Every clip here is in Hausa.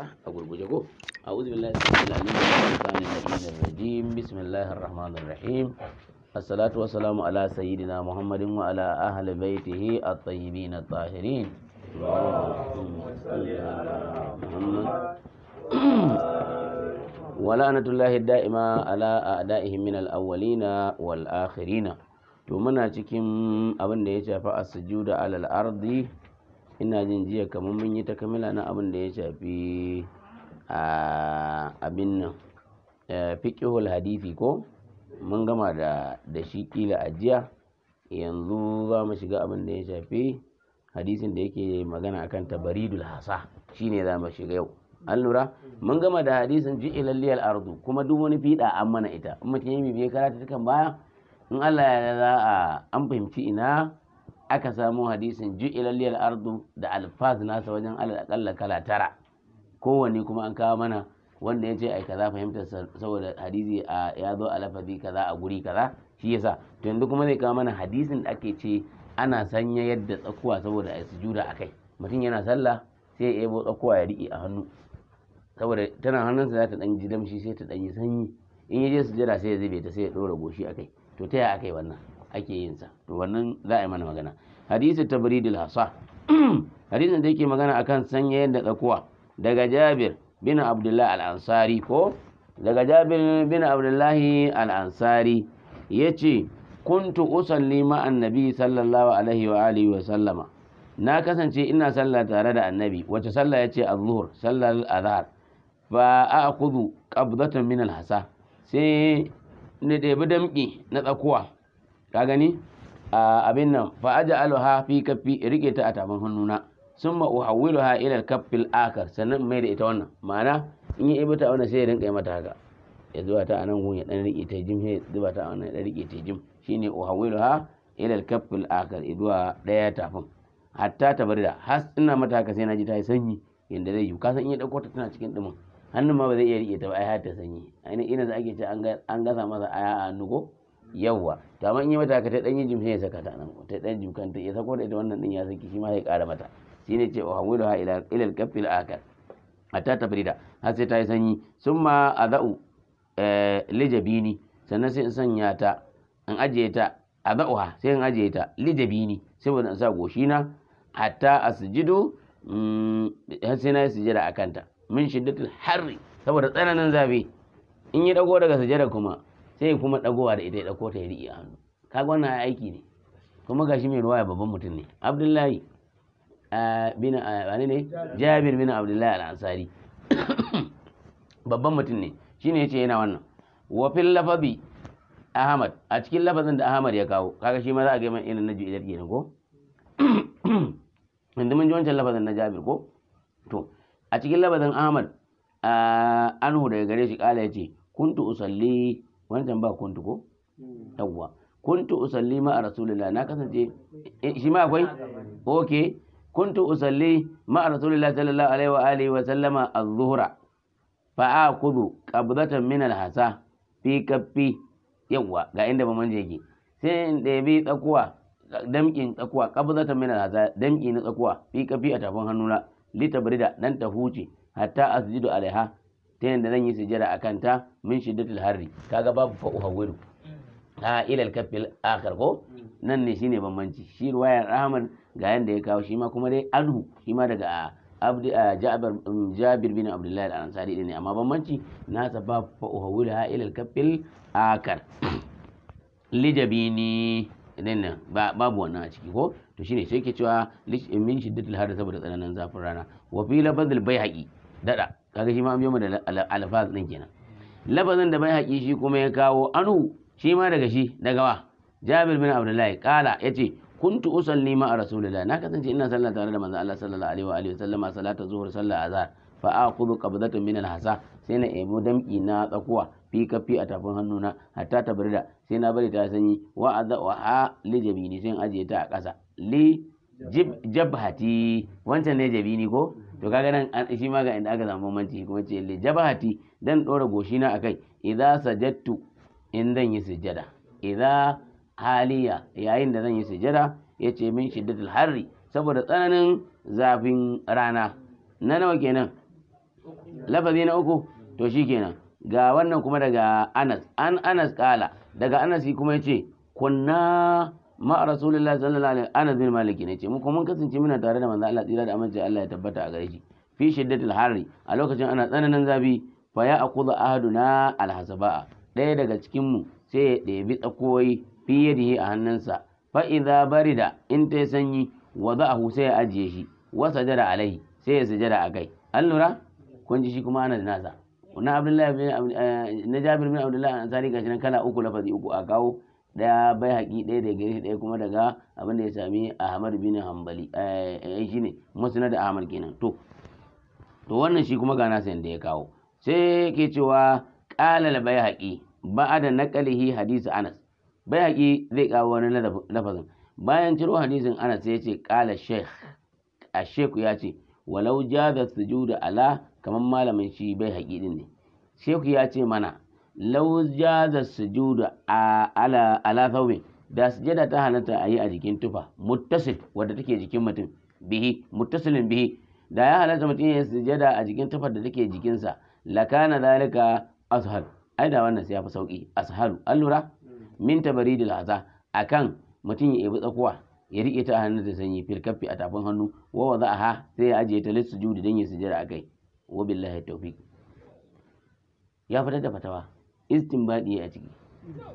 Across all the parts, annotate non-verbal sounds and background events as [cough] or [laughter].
karanta a gurguje ko a'udhu billahi bismillahir rahmanir rahim assalatu wassalamu ala sayyidina muhammadin wa ala ahli baitihi at-tayyibin at-tahirin wala'anatullahi da'ima ala a'da'ihim min al-awwalina wal akhirina to muna cikin abin da ya shafi as-sujuda alal ardi ina jin jiya kamar mun yi ta kamila na abin da ya shafi a abin nan e, fiƙihul hadisi ko mun gama da da shi kila a jiya yanzu za mu shiga abin da ya shafi hadisin da yake magana akan tabaridul hasa shine za mu shiga yau an lura mun gama da hadisin ji ilalliyar ardu kuma duk wani fiɗa an mana ita in mutum ya bibiye karatu tukan baya in Allah ya za a an fahimci ina aka samo hadisin ju'ilalliyar ardu da alfaz nasa wajen alal kala tara kowanne kuma an kawo mana wanda ya ce ai kaza fahimtar saboda hadisi a ya zo a lafazi kaza a guri kaza shi yasa to yanzu kuma zai kawo mana hadisin da ake ce ana sanya yadda tsakuwa saboda a sujuda kai. mutum yana sallah sai ya yabo tsakuwa ya riƙe a hannu saboda tana hannunsa za ta ɗan ji damshi sai ta ɗan yi sanyi in ya je sujada sai ya zube ta sai ya ɗora goshi kai. to ta yaya yi wannan ake yin sa to wannan za a yi mana magana hadisi tabridil hasa [clears throat] hadisin da yake magana akan sanya yadda tsakuwa daga Jabir bin Abdullah al-Ansari ko daga Jabir bin Abdullah al-Ansari yace kuntu usalli ma annabi sallallahu alaihi wa alihi wa sallama na kasance ina sallah tare da annabi wace sallah yace az zuhur sallar azhar fa a'khudhu qabdatan min al-hasa sai ni da damki na tsakuwa ka gani abin nan fa aj'aluha fi kaffi rike ta a tafin hannuna summa uhawwiluha ila al-kaffi kafin akhar sannan mai da ita wannan ma'ana in yi ibata wannan sai ya rinka yi mata haka ya zuba ta a nan gun ya dan rike ta jim sai zuba ta a nan ya dan rike ta jim shine uhawwiluha ila al-kaffi al-akhar zuwa daya tafin hatta tabarda has ina mata haka sai naji ta yi sanyi yadda zai yi ka san in ya dauko ta tana cikin dumin hannun ma ba zai iya rike ta ba ai har ta sanyi ainihin ina za ake ce an gasa masa aya a hannu ko yawa to amma in yi mata ka ta dan yi jim sai ya saka ta nan ta dan jim kanta ya sako da ita wannan din ya saki shi ma ya ƙara mata ne ce wa hawilu ha ila ila al-kaffil akhar hatta tabrida har sai ta yi sanyi summa adau eh, lijabini sannan sai in sanya ta in ajiye ta adauha sai in ajiye ta lijabini saboda in sa goshina hatta asjidu mm, har sai na yi sujada a kanta min shiddatul harri saboda tsananin zafi in yi dago daga sujada kuma sai kuma dagowa da ita ya dauko ta riƙe hannu kaga wannan aiki ne kuma gashi mai ruwaya babban mutum ne abdullahi bin wani ne jabir bin abdullahi al-ansari [coughs] babban mutum ne shine yace yana wannan wa fil lafabi ahmad a cikin lafazin da ahmad ya kawo kaga shi ma za a ga mai irin na ju'idar kenan ko inda [coughs] mun ji wancan lafazin na jabir ko to a cikin lafazin ahmad anhu daga gare shi kala yace kuntu usalli wancan ba kuntu ko hmm. yawwa kuntu usalli ma a rasulillah na kasance eh, shi ma akwai ok kuntu usalli ma a rasulillah sallallahu alaihi wa alihi wa sallama az-zuhra fa akhudhu qabdatan min al-hasa fi kaffi yawwa ga inda ba manje yake sai in ɗebi tsakuwa damkin tsakuwa qabdatan min al-hasa damki na tsakuwa fi kaffi a tafin hannuna litabrida dan ta huce hatta asjidu alaiha ta yadda zan yi sujada a kanta min shiddatul harri kaga babu fa uhawwiru mm. a ilal kafil akhar ko mm. nan ne shine bambanci shi ruwayar ahmad ga yanda ya kawo shi ma kuma dai Alhu, shi ma daga ah, ah, mm, jabir bin abdullahi al-ansari ne amma bambanci nasa babu fa uhawwiru ha ilal kafil akhar lijabini nan babu wannan a ciki ko to shine sai ke cewa min shiddatul harri saboda tsananin zafin rana wa fi bai haƙi. dada kaga shi ma an biyo mu da alfaz din kenan labazin da bai haƙi shi kuma ya kawo anu shi ma daga shi daga wa jabir bin abdullahi kala yace kuntu usalli ma rasulillah na kasance ina sallah tare da manzo Allah sallallahu alaihi wa alihi sallama salatu zuhur sallah azhar fa akhudhu qabdatan min alhasa sai na ebo damki na tsakuwa fi kafi a tafin hannuna hatta tabrida sai na bari ta sanyi wa adha wa ha li jabini sai ajiye ta a ƙasa li jabhati wancan ne jabini ko to kaga nan shi ma ga inda aka zama bambanci kuma ce li jabahati dan dora goshina akai idza sajattu in zan yi sujada idza haliya yayin da zan yi sujada yace min shiddatul harri saboda tsananin zafin rana na nawa kenan lafazi na uku to shi kenan ga wannan kuma daga Anas an Anas kala daga Anas kuma yace kunna ma rasulullah sallallahu alaihi ana bin maliki ne ce mu kuma mun kasance muna tare da manzo Allah tsira da amince Allah ya tabbata a gare shi fi shiddatil harri a lokacin ana tsananin zafi fa ya aqulu ahaduna alhasaba'a ɗaya daga cikin mu sai ya ɗebi tsakoyi fi yadihi a hannunsa fa idza barida in ta sanyi wa za'ahu sai ya ajiye shi wa sajada alaihi sai ya sujada a kai an lura kun ji shi kuma ana dinasa na abdullahi eh, na jabir bin abdullahi ansari gashi nan kala uku lafazi uku a kawo daya bai haƙi ɗaya daga gare ɗaya kuma daga abin da ya sami ahmad bin hanbali eh, eh, ne masana da ahmad kenan to to wannan shi kuma ga nasa da ya kawo sai ke cewa haƙi ba a da naƙalihi hadisi anas bai haƙi zai kawo wani lafazin bayan ciro hadisin anas sai ya ce qala a sheku ya ce walau jaza da ala kamar malamin shi bai haƙi din ne sheku ya ce mana law jaza sujudu ala ala thawbin da sujada ta halatta a yi a jikin tufa muttasil wadda take jikin mutum bihi muttasilin bihi da ya halatta mutum ya sujada a jikin tufar da take jikinsa lakana zalika ashal ai da wannan sai ya fi sauki ashalu allura min tabaridil aza akan mutum ya ebi tsakuwa ya rike ta a hannun da sanyi firkaffi a tafin hannu wa wa za'aha sai ya ajiye ta lissu judi don ya sujada a kai wa billahi tawfiq ya fitar da fatawa istinbadi a ciki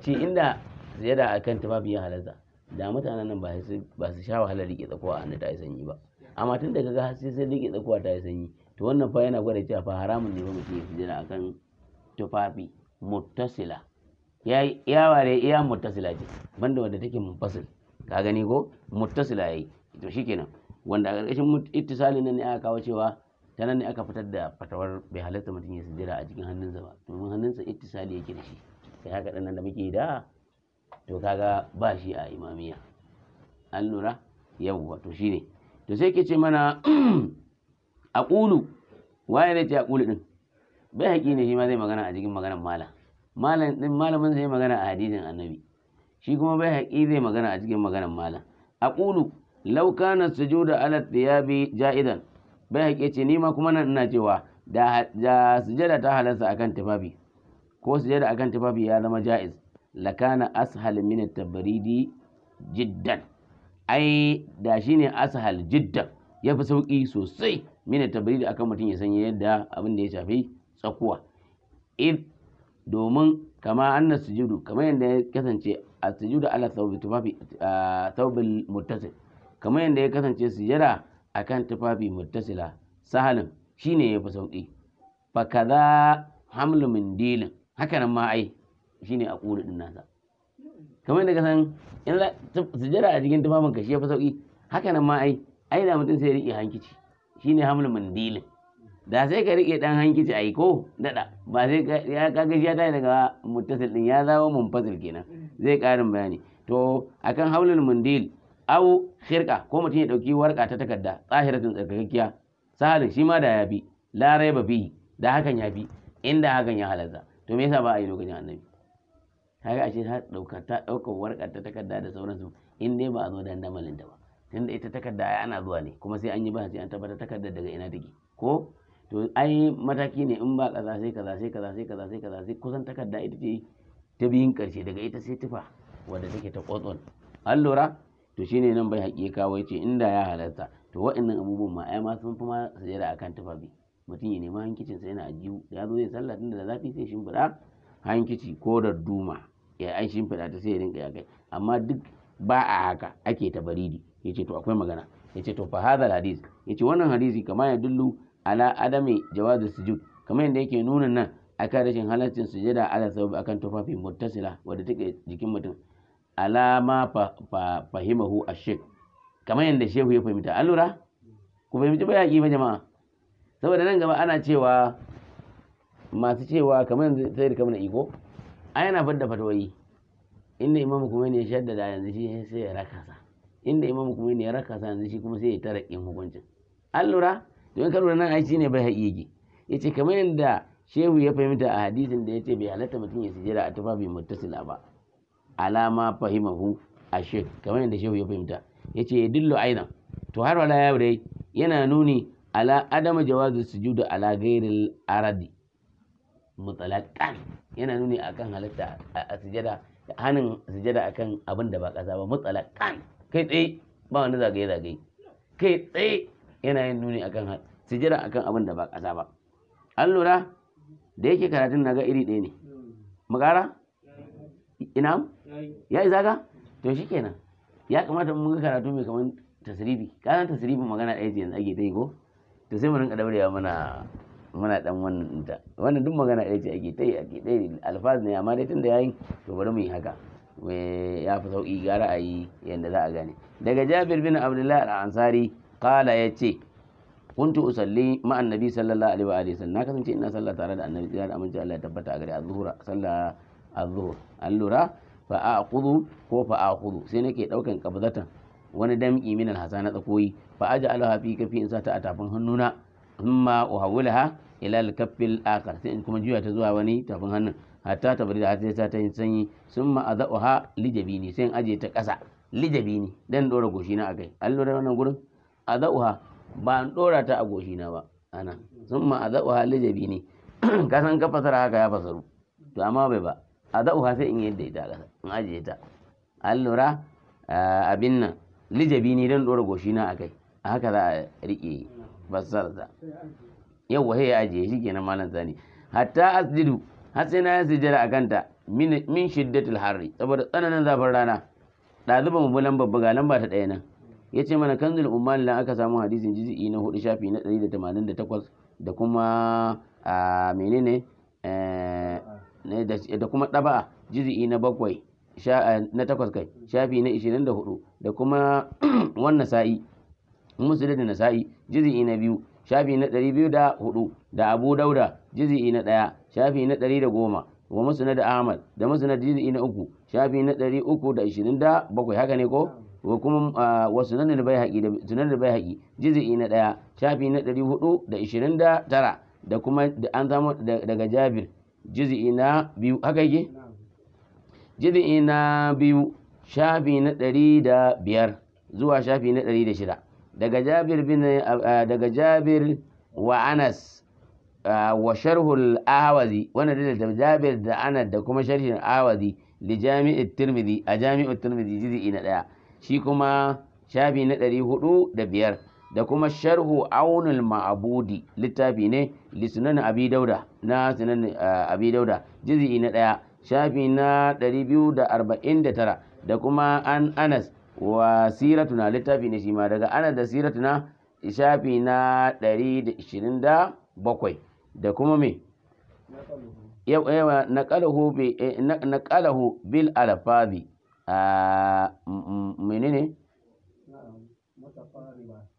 ce inda ziyada a kan tufafi ya halarta da mutanen nan ba su sha wahalar rike tsakuwa a hannu ta yi sanyi ba amma tun da kaga sai sai rike tsakuwa ta yi sanyi to wannan fa yana gwada cewa fa haramun ne ba mutum ya sujada akan tufafi muttasila ya ware iya muttasila ce banda wanda take munfasil ka gani ko muttasila yayi to shikenan wanda a ƙarƙashin ittisalin nan ne aka kawo cewa ta nan ne aka fitar da fatawar bai halatta mutum ya sujjada a cikin hannunsa ba domin hannunsa ittisali yake da shi sai haka ɗan da muke da to kaga ba shi a imamiya an lura yawwa to shine to sai ke ce mana [clears throat] aqulu waye ne ce aqulu din bai haƙi ne shi ma zai magana a cikin maganar malam malam din malamin zai magana a hadisin annabi shi kuma bai haƙi zai magana a cikin maganar malam aqulu law kana sujuda ala thiyabi ja'idan bai haƙe ce ni ma kuma nan ina cewa da sujada ta halarsa akan tufafi ko sujada akan tufafi ya zama ja'iz lakana ashal min at-tabridi jiddan ai da shine ashal jiddan ya fi sauƙi sosai min at-tabridi akan mutum ya sanya yadda abin da ya shafi tsakuwa id domin kama annas sujudu kama yadda ya kasance sujudu ala thawbi tufafi ah, thawbil muttasil kama yadda ya kasance sujada akan tufafi muttasila sahalin shine yafi sauki fa kaza hamlu min dilin haka nan ma ai shine a ƙuri din nasa kamar yadda ka san in jira a cikin tufafin ka shi yafi sauki haka nan ma ai ai da mutum sai riƙe hankici shine hamlu min dilin da sai ka riƙe ɗan hankici ai ko daɗa ba sai ya kaga shi ya tayi daga muttasil ɗin ya zawo fasil kenan zai ƙarin bayani to akan haulul mundil au khirqa ko mutum ya dauki warka ta takarda tsahiratin tsarkakakkiya sahalin shi ma da ya bi la raiba bi da hakan ya bi inda hakan ya halarta to me yasa ba a yi lokacin annabi kaga ashe ta dauka ta dauka warka ta takarda da sauransu in dai ba a zo da damalin da ba tunda ita takarda ai ana zuwa ne kuma sai an yi bahasi an tabbata takardar daga ina take ko to ai mataki ne in ba kaza sai kaza sai kaza sai kaza sai kaza sai kusan takarda ita ce ta biyun karshe daga ita sai tufa wanda take ta kotson an lura to shi ne nan bai haƙi kawai ce inda ya halarta, to waɗannan abubuwan ma ai ma sun fi ma sujada akan tufafi mutum ya nema hankicin sa yana ajiyu ya zo zai sallah tun da zafi sai shimfiɗa hankici ko da duma ya an shimfiɗa ta sai ya rinka ya kai amma duk ba a haka ake ta baridi Ya ce to akwai magana Ya ce to fa hadal hadis ce wannan hadisi kama ya dullu ala adami jawazi sujud kamar yadda yake nuna nan akan rashin halaccin sujada ala sabab akan tufafi muttasila wadda take jikin mutum alama fahimahu shek kamar yadda shehu ya fahimta an lura ku fahimci bayaki ba jama'a saboda nan gaba ana cewa masu cewa kamar yanzu sai da kamar iko A yana fadda fatawai inda imam kuma ne ya da yanzu shi sai ya raka sa inda imam kuma ne ya raka sa yanzu shi kuma sai ya tara in hukuncin an lura domin kan lura nan aiki ne bai Ya ce kamar yadda shehu ya fahimta a hadisin da ya ce bai halatta mutum ya sujjada a tufafi muttasila ba alama fahimahu a shek kamar yadda shehu ya fahimta ya ce ya dillo aina to har wala ya dai yana nuni ala adama jawazi sujudu ala gairil aradi mutalaqan yana nuni akan halatta a sujada hanin sujada akan abin da ba kasa ba mutalaqan kai tsaye ba wani zagaye zagaye kai tsaye yana yin nuni akan sujada akan abin da ba kasa ba an lura da yake karatun naga iri ɗaya ne magara ina ya isa ka to shi kenan ya kamata mun ga karatu mai kamar tasribi kana tasribi magana ɗaya ce yanzu ake ta ko to sai mu rinka daurewa mana muna dan wannan ta wannan duk magana ɗaya ce ake ta yi ake ta alfaz ne amma dai tunda yayin to bari mu yi haka ya fi sauƙi gara ra'ayi yanda yadda za a gane daga jabir bin abdullahi al-ansari kala ya ce kuntu usalli ma annabi sallallahu alaihi wa alihi na kasance ina sallah tare da annabi da aminci Allah ya tabbata a gare azhura sallah azhur allura a aqudu ko a aqudu sai nake daukan qabzatan wani dam'i min alhasa na tsakoyi fa aj'aluha fi kafi in sata a tafin hannuna o uhawwilaha ila al-kaffi al-akhar sai in kuma juya ta zuwa wani tafin hannun hatta ta bari da hatta sa ta yin sanyi thumma Lijabi lijabini sai in aje ta kasa lijabini dan dora goshi na akai an lura wannan gurin adha'uha ba an dora ta a goshi na ba anan thumma Lijabi lijabini kasan [clears throat] ka fasara haka ya fasaru to amma bai ba a adha'uha sai in yadda ita ƙasa in ajiye ta an lura eh, abin nan lijabi ne don ɗora goshi na akai a haka za a riƙe basar ta yau wahaya ajiye shi kenan malam zani hatta asjidu har sai na yi sujjada a kanta min shiddatul harri saboda tsananin zafin rana ɗazu ba mu bi lambar ga lamba ta ɗaya nan ya ce mana kanzul umman lan aka samu hadisin jizi'i na hudu shafi na 188 da kuma a ah, menene eh, da kuma ɗaba jizi'i na bakwai Eh, na takwas kai shafi na ishirin da hudu da kuma wannan sa'i musu da nasa'i jizi'i na biyu shafi na biyu da hudu da abu dauda jizi'i na ɗaya shafi na da goma wa da Ahmad da na juz'i na uku shafi na ɗari uku da ishirin da bakwai haka ne ko wa kuma eh, wa sunan da bai haƙi da sunan da bai haƙi na ɗaya shafi na ɗari hudu da ishirin da tara da kuma an samu daga Jabir jizi na biyu haka yake jiz'i na biyu shafi na ɗari da biyar zuwa shafi na ɗari da shida daga jabir bin daga jabir wa anas wa sharhul ahawazi wanda da jabir da anas da kuma sharhin ahawazi li jami'at tirmidhi a jami'at tirmidhi juz'i na ɗaya, shi kuma shafi na ɗari hudu da biyar da kuma sharhu aunul ma'abudi littafi ne li sunan abi dauda na sunan abi dauda ina na shafi na 249 da kuma an anas wa siratuna littafi ne shi ma daga anas da siratuna shafi na 127 da kuma me yawa kalahu eh, bil alfazi a ah, menene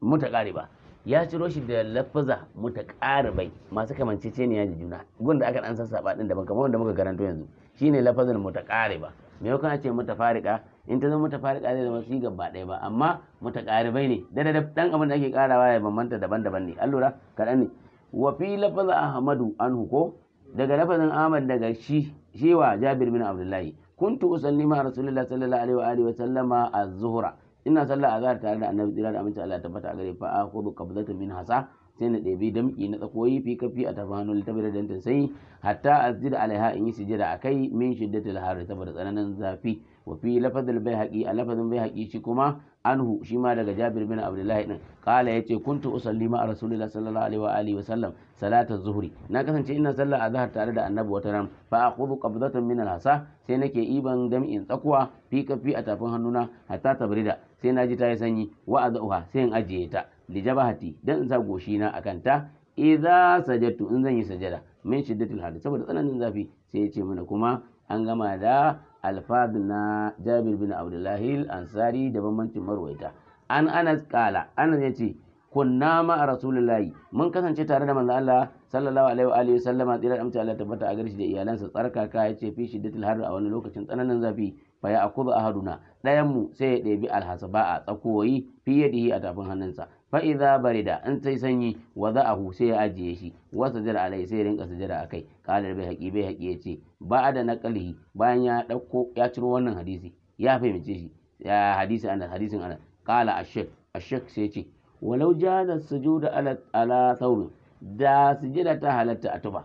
mutaqariba ya ciro shi da lafaza mutaqaribai masu kamanceceniya da juna gun da aka dan sassaba din daban kamar wanda muka karanto yanzu shine lafazin mutaqariba me yau kana ce mutafarika in ta zama mutafarika zai zama sigar ba ɗaya ba amma mutaqaribai ne da da dan abin da ake karawa ya bambanta daban-daban ne an lura kaɗan ne wa fi ahmadu anhu ko daga lafazin ahmad daga shi shewa jabir bin abdullahi kuntu usalli ma rasulullahi sallallahu alaihi wa alihi wa sallama az-zuhra ina sallah azhar tare da annabi tsira da aminci Allah tabbata a gare fa akhudhu qabdatan min hasa sai na ɗebi damƙi na tsakoyi fi kafi a littafin da dantin sai hatta azjid alaiha in yi sujada akai min shiddatil har saboda tsananin zafi wa fi lafazil baihaqi a lafazin baihaqi shi kuma anhu shi ma daga Jabir bin Abdullahi din kala yace kuntu usalli ma Rasulullah sallallahu alaihi wa alihi wa sallam salatar zuhri na kasance ina sallar azhar tare da Annabi wata ran fa aqudu qabdatan min al-hasa sai nake iban dam'in tsakuwa fi kafi a tafin hannuna hatta tabrida sai naji ta yi sanyi wa azuha sai in ajiye ta li jabahati dan in sa goshi na akan ta idza sajadtu in zan yi sajada min shiddatil hadith saboda tsananin zafi sai ya ce mana kuma an gama da alfad na Jabir bin Abdullah al-Ansari da bambancin marwaita an Anas kala Anas ce kunna ma rasulullahi mun kasance tare da manzo Allah sallallahu alaihi wa alihi sallama tsira amta Allah tabbata a garshi da iyalansa tsarkaka ce fi shiddatil har a wani lokacin tsananin zafi fa ya akudu ahaduna ɗayan mu sai ya ɗebi alhasaba a tsakowayi da yi a tafin hannunsa fa idza barida in sai sanyi wa za'ahu sai ya ajiye shi wa sajada alai sai rinka sajada akai qala bai haqi bai haqi yace ba'ada naqlihi bayan ya dauko ya ciro wannan hadisi ya fahimce shi ya hadisi ana hadisin anas qala ash-shaykh ash-shaykh sai yace walau jana sujuda ala ala thawbin da sujada ta halatta a tuba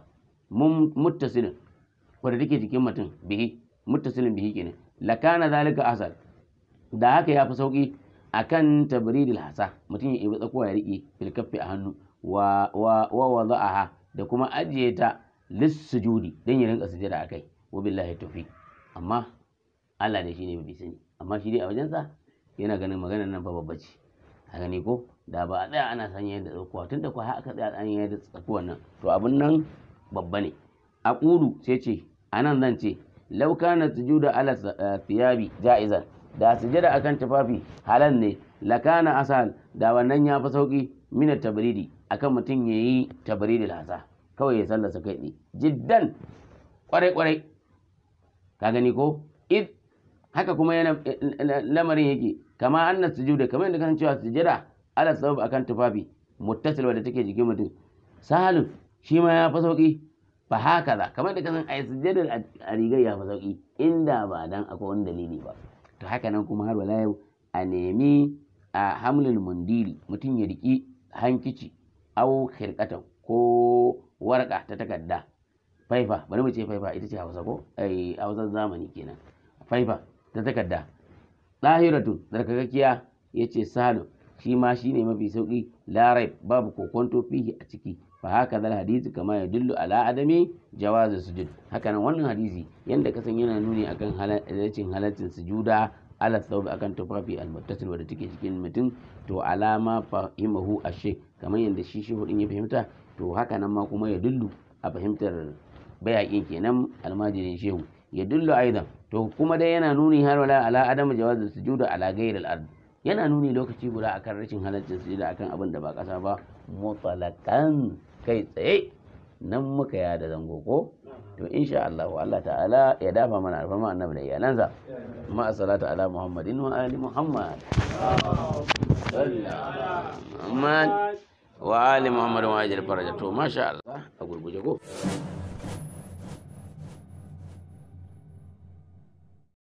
muttasilin wanda take jikin mutum bihi muttasilin bihi kenan lakana zalika asal da haka ya fi sauki akan tabridil hasa mutum ya ibi tsakuwa ya riƙe filkaffi a hannu wa ha da kuma ajiye ta lissu don yi ya rinka a akai wa billahi tafi amma Allah da shi ne bai sani amma shi dai a wajensa yana ganin maganar nan ba babba ce a gani ko da ba a tsaya ana sanya yadda tsakuwa tunda ko har aka tsaya an yadda tsakuwan nan to abin nan babba ne a ƙulu sai ce a nan zan ce law kana sujuda ala eh, thiyabi ja'izan da sujada akan tufafi halal ne lakana asal da wannan ya fi sauki mina tabridi akan mutum ya yi tabridi lasa kawai ya sallasa kai ne jiddan kwarai kwarai ka gani ko id haka kuma yana lamarin yake kama anna sujuda kamar yadda kan cewa sujada ala sabab akan tufafi muttasil wadda take jikin mutum sahalun shi ma ya fi sauki fa haka kamar da kan a sujada a rigar ya fi sauki inda ba dan akwai wani dalili ba to haka nan kuma har wala yau a nemi a hamlin mundiri mutum ya riƙi hankici au khirqatan ko warƙa ta takarda faifa bari mu ce faifa ita ce hausa ko ai hausa zamani kenan faifa ta takarda lahiratun zarkakakkiya yace salo shi ma shine mafi sauki larai babu kokonto fihi a ciki fa haka zal hadisi kama ya dillu ala adami jawazi sujud haka wannan hadisi yanda kasan yana nuni akan halaccin halaccin sujuda ala thawb akan tufafi almuttasil wanda take cikin mutum to alama fahimahu ashe kamar yanda shi shehu din ya fahimta to haka nan ma kuma ya dillu a fahimtar bayakin kenan almajirin shehu ya dillu aidan to kuma dai yana nuni har wala ala adam jawazi sujuda ala ghairil ard yana nuni lokaci guda akan rashin halaccin sujuda akan abin da ba kasa ba mutlaqan kai tsaye nan muka yada zango ko to insha Allah Allah ta'ala ya dafa mana alfarma annabi da iyalansa ma salatu ala muhammadin wa ali muhammad alaihi wa ali muhammad wa ajil faraja to masha Allah a gurguje ko